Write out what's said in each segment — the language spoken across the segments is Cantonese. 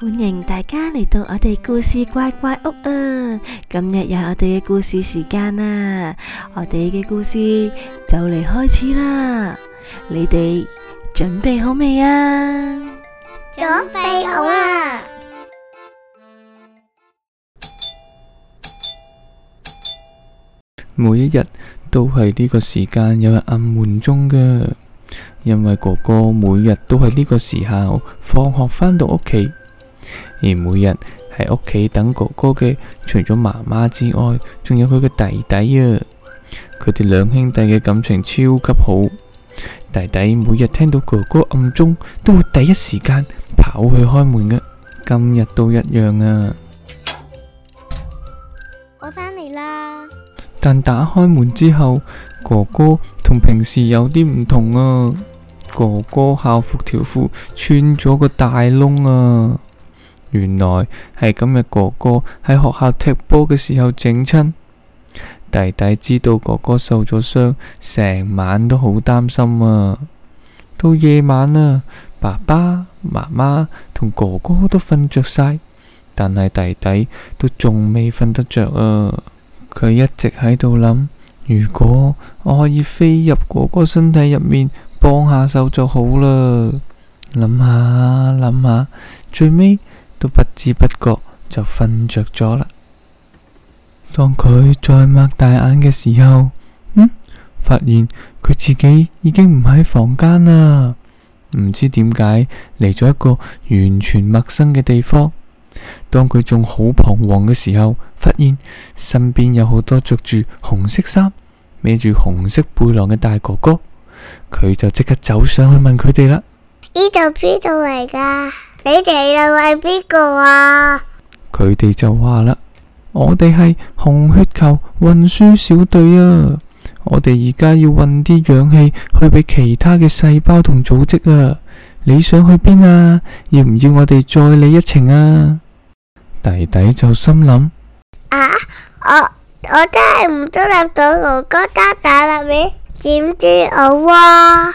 歡迎大家嚟到我哋故事怪怪屋啊！今日有我哋嘅故事時間啊！我哋嘅故事就嚟開始啦。你哋準備好未啊？準備好啦！每一日都係呢個時間，有人撳門鐘㗎，因為哥哥每日都係呢個時候放學返到屋企。而每日喺屋企等哥哥嘅，除咗媽媽之外，仲有佢嘅弟弟啊。佢哋兩兄弟嘅感情超級好，弟弟每日聽到哥哥暗鐘，都會第一時間跑去開門嘅。今日都一樣啊。我返嚟啦。但打開門之後，哥哥同平時有啲唔同啊。哥哥校服條褲穿咗個大窿啊。原來係今日哥哥喺學校踢波嘅時候整親，弟弟，知道哥哥受咗傷，成晚都好擔心啊。到夜晚啊，爸爸媽媽同哥哥都瞓着晒，但係弟弟都仲未瞓得着啊。佢一直喺度諗，如果我可以飛入哥哥身體入面幫下手就好啦。諗下諗下，最尾。都不知不覺就瞓着咗啦。當佢再擘大眼嘅時候，嗯，發現佢自己已經唔喺房間啦，唔知點解嚟咗一個完全陌生嘅地方。當佢仲好彷徨嘅時候，發現身邊有好多着住紅色衫、孭住紅色背囊嘅大哥哥，佢就即刻走上去問佢哋啦，呢度邊度嚟㗎？你哋係為邊個啊？佢哋就話啦，我哋係紅血球運輸小隊啊，我哋而家要運啲氧氣去俾其他嘅細胞同組織啊。你想去邊啊？要唔要我哋再嚟一程啊？弟弟就心諗：啊，我我真係唔都諗到哥哥打打啦咩？點知我哇、啊！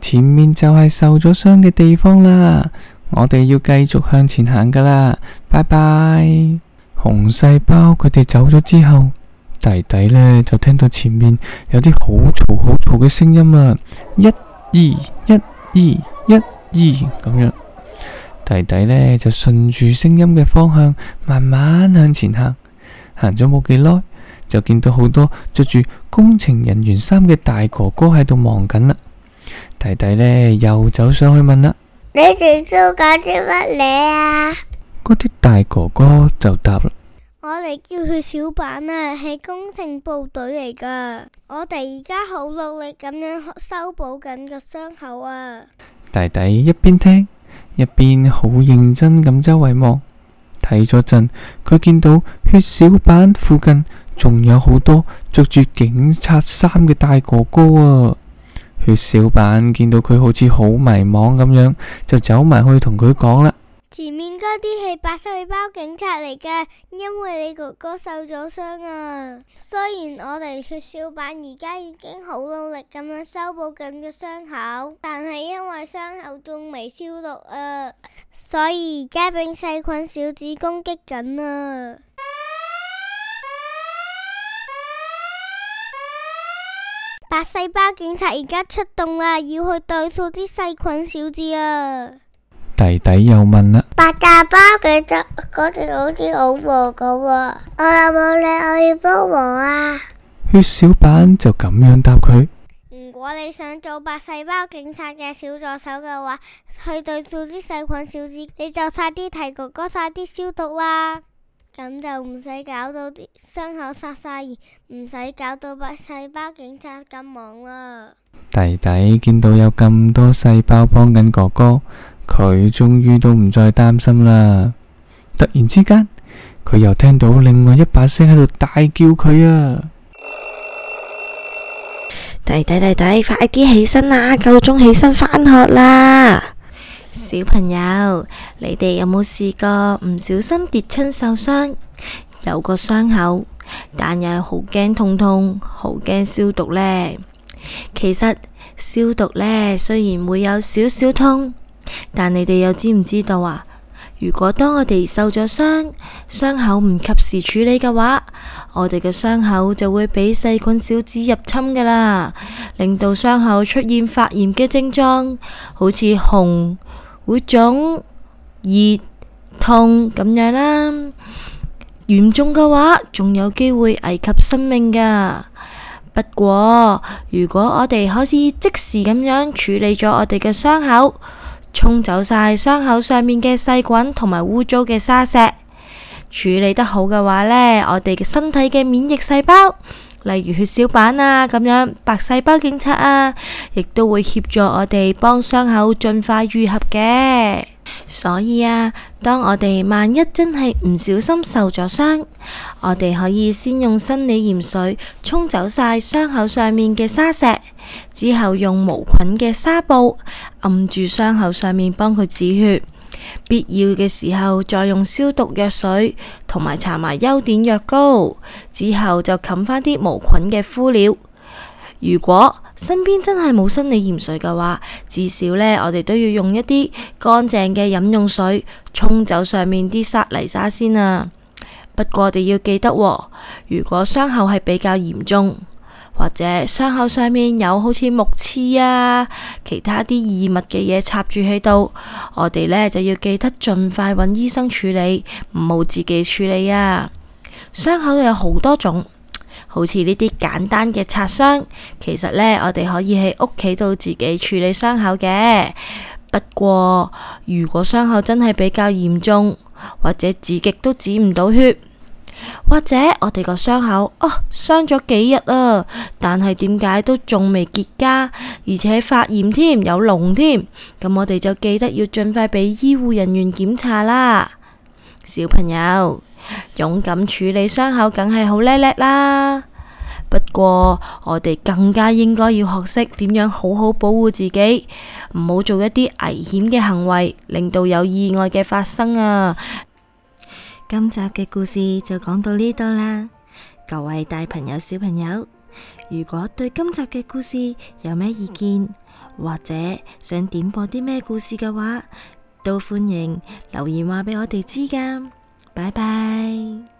前面就係受咗傷嘅地方啦，我哋要繼續向前行噶啦，拜拜。紅細胞佢哋走咗之後，弟弟呢就聽到前面有啲好嘈好嘈嘅聲音啊，一二一二一二咁樣。弟弟呢就順住聲音嘅方向慢慢向前行，行咗冇幾耐，就見到好多着住工程人員衫嘅大哥哥喺度忙緊啦。弟弟呢又走上去問啦：你哋都搞啲乜嘢啊？嗰啲大哥哥就答啦：我哋叫血小板啊，係工程部隊嚟噶。我哋而家好努力咁樣修補緊個傷口啊！弟弟一邊聽，一邊好認真咁周圍望，睇咗陣，佢見到血小板附近仲有好多着住警察衫嘅大哥哥啊！血小板見到佢好似好迷茫咁樣，就走埋去同佢講啦。前面嗰啲係白細胞警察嚟㗎，因為你哥哥受咗傷啊。雖然我哋血小板而家已經好努力咁樣修補緊嘅傷口，但係因為傷口仲未消毒啊，所以而家俾細菌小子攻擊緊啊。白細胞警察而家出動啦，要去對付啲細菌小子啊！弟弟又問啦：，白大包，佢察嗰條好似好忙噶喎，我有冇理由要幫忙啊？血小板就咁樣答佢：，如果你想做白細胞警察嘅小助手嘅話，去對付啲細菌小子，你就快啲提哥哥，快啲消毒啦，啊！咁就唔使搞到啲傷口撒晒鹽，唔使搞到把細胞警察咁忙啦。弟弟見到有咁多細胞幫緊哥哥，佢終於都唔再擔心啦。突然之間，佢又聽到另外一把聲喺度大叫佢啊！弟弟弟弟，快啲起身啦，夠鐘起身返學啦！小朋友，你哋有冇試過唔小心跌親受傷，有個傷口，但又好驚痛痛，好驚消毒呢。其實消毒呢，雖然會有少少痛，但你哋又知唔知道啊？如果當我哋受咗傷，傷口唔及時處理嘅話，我哋嘅傷口就會俾細菌小子入侵㗎喇，令到傷口出現發炎嘅症狀，好似紅。會腫、熱、痛咁樣啦，嚴重嘅話仲有機會危及生命㗎。不過，如果我哋可以即時咁樣處理咗我哋嘅傷口，沖走晒傷口上面嘅細菌同埋污糟嘅沙石，處理得好嘅話呢，我哋嘅身體嘅免疫細胞。例如血小板啊，咁樣白細胞警察啊，亦都會協助我哋幫傷口盡快愈合嘅。所以啊，當我哋萬一真係唔小心受咗傷，我哋可以先用生理鹽水沖走晒傷口上面嘅沙石，之後用無菌嘅紗布按住傷口上面幫佢止血。必要嘅時候再用消毒藥水同埋搽埋優碘藥膏，之後就冚返啲無菌嘅敷料。如果身邊真係冇生理鹽水嘅話，至少呢，我哋都要用一啲乾淨嘅飲用水沖走上面啲沙泥沙先啊。不過我哋要記得喎，如果傷口係比較嚴重，或者傷口上面有好似木刺啊，其他啲異物嘅嘢，插住喺度，我哋呢就要記得盡快揾醫生處理，唔好自己處理啊！傷口有好多種，好似呢啲簡單嘅擦傷，其實呢我哋可以喺屋企度自己處理傷口嘅。不過如果傷口真係比較嚴重，或者自己都止唔到血。或者我哋個傷口哦，傷咗幾日啊，但係點解都仲未結痂，而且發炎添，有膿添，咁我哋就記得要盡快俾醫護人員檢查啦。小朋友勇敢處理傷口，梗係好叻叻啦。不過我哋更加應該要學識點樣好好保護自己，唔好做一啲危險嘅行為，令到有意外嘅發生啊！今集嘅故事就講到呢度啦，各位大朋友小朋友，如果對今集嘅故事有咩意見，或者想點播啲咩故事嘅話，都歡迎留言話俾我哋知噶，拜拜。